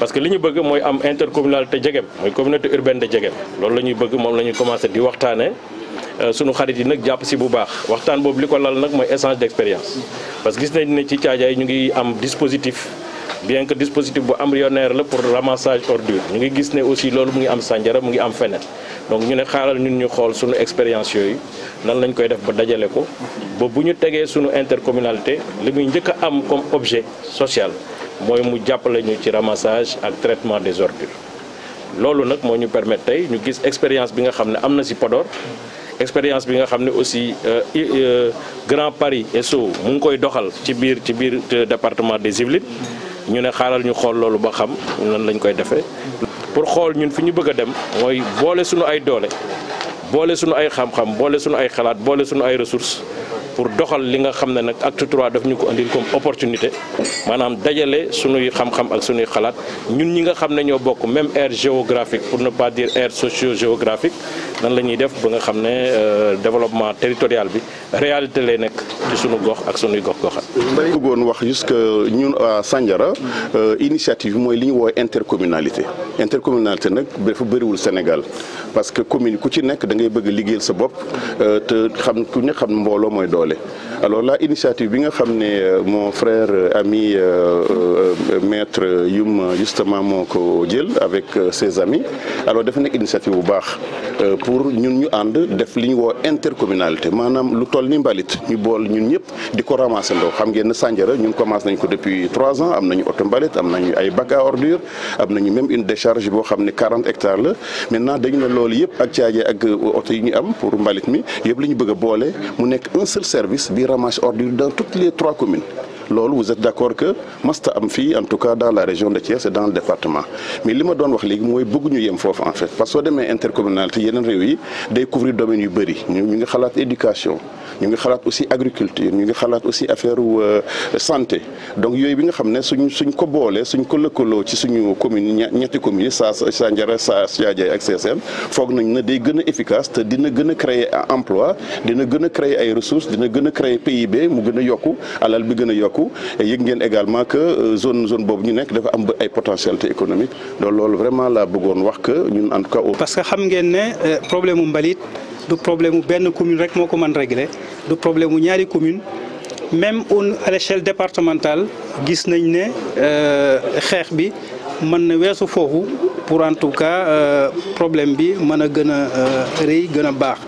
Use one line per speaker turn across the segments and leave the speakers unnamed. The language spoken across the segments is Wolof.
parce que li ñu bëgg mooy am intercommunalité Dieguem mooy communauté urbaine de Dieguem loolu la ñuy bëgg moom la ñuy commencé di waxtaanee euh, sunu xarit yi nag jàpp si bu baax waxtaan boobu li ko lal nag mooy échange d'expérience parce que gis nañ ne ci caajaay ñu ngi am dispositif bien que dispositif bu embryonnaire la pour ramassage ordure ñu ngi gis ne aussi loolu mu ngi am sanjara, mu ngi am feneen donc ñu ne xaaral ñun ñu xool suñu expérience yooyu nan lañ koy def ba dajale ko ba bu ñu suñu intercommunalité li muy am comme objet social mooy mu jàppale ñu ci ramassage ak traitement des ordures loolu nag moo ñu permettre tey ñu gis expérience bi nga xam ne am na si Podor expérience bi nga xam ne aussi euh, euh, Grand Paris SO mu ngi koy doxal ci biir ci biir euh, département des Yvelines ñu ne xaaral ñu xool loolu ba xam nan lañ koy defee pour xool ñun fi ñu bëgg a dem mooy boole suñu ay doole boole suñu ay xam-xam boole suñu ay xalaat boole suñu ay ressources pour doxal li nga xamné nak nag acte trois daf ñu ko andil comme opportunité manam dajalé suñuy xam-xam ak suñuy xalat ñun ñi nga xam ne ñoo bokk même aire géographique pour ne pas dire aire socio-géographique nan lañuy def ba nga xamné euh, développement territorial bi réalité lay nekk ci suñu gox ak suñuy gox goxat mbari
bëggoon wax jusque ñun à Sandiara euh, initiative moy li ñu woowee intercommunalité intercommunalité nak dafa bëri bëriwul Sénégal parce que commune ku ci nekk da ngay bëgg liggéeyal sa bop euh, te xam ku ne xam mbolo moy doole alors la initiative bi nga xam euh, mon frère euh, ami euh, maître Youm justement mon ko avec ses amis alors dafa nekk initiative bu baax pour ñun ñu And def li intercommunalité manam lu toll ni mbalit ñu bol ñun ñëpp di ko ramasser ndoo xam ngeen ne Sandiara commencé nañ ko depuis trois ans am nañu oto mbalit am nañu ay bac à ordure am nañu même une décharge boo xam ne hectares la maintenant dañu ne loolu yëpp ak caaje ak yi ñu am pour mbalit mi yëpp li ñu bëgg a mu nekk un seul service bi ramage dans toutes les trois communes loolu vous êtes d'accord que masta am fii en tout cas dans la région de Thiès et dans le département mais lima ma doon wax légui moy bëgg ñu yem fofu en fait parce que soo demee intercommunalité yeneen réew yi day couvrir domaine yu bëri ñu ngi xalaat éducation ñu ngi xalaat aussi agriculture ñu ngi xalaat aussi affaire euh, santé donc yoy bi nga xamné suñ suñ ko bolé suñ ko lëkkaloo ci suñu commune ñetti commune sa sa saa sa saa Diaye ak CSM fogg nañ ne day gëna efficace te dina gëna créer emploi dina gëna créer ay ressources dina gëna créer PIB mu gëna yokku alal bi gëna yokku yokku et également que euh, zone zone boobu ñu nekk dafa am ay potentialité économique donc lool vraiment la bëggone wax que ñun en tout cas. parce que xam ngeen né
euh, problème mbalit du problème mu commune rek moko ko mën régler du problème ñaari commune même à l'échelle départementale gis nañ né euh xex bi mën na weesu fofu pour en tout cas euh problème bi mën a gën a euh, rëy gën baax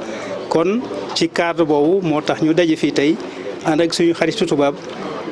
kon ci cadre bobu motax ñu daje fi tay and ak suñu xarit tubaab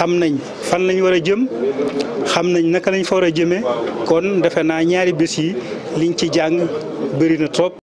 xam nañ fan lañ war jëm xam nañ naka lañ fa war a jëmee kon defe naa ñaari bés yi liñ ci jàng bëri na trop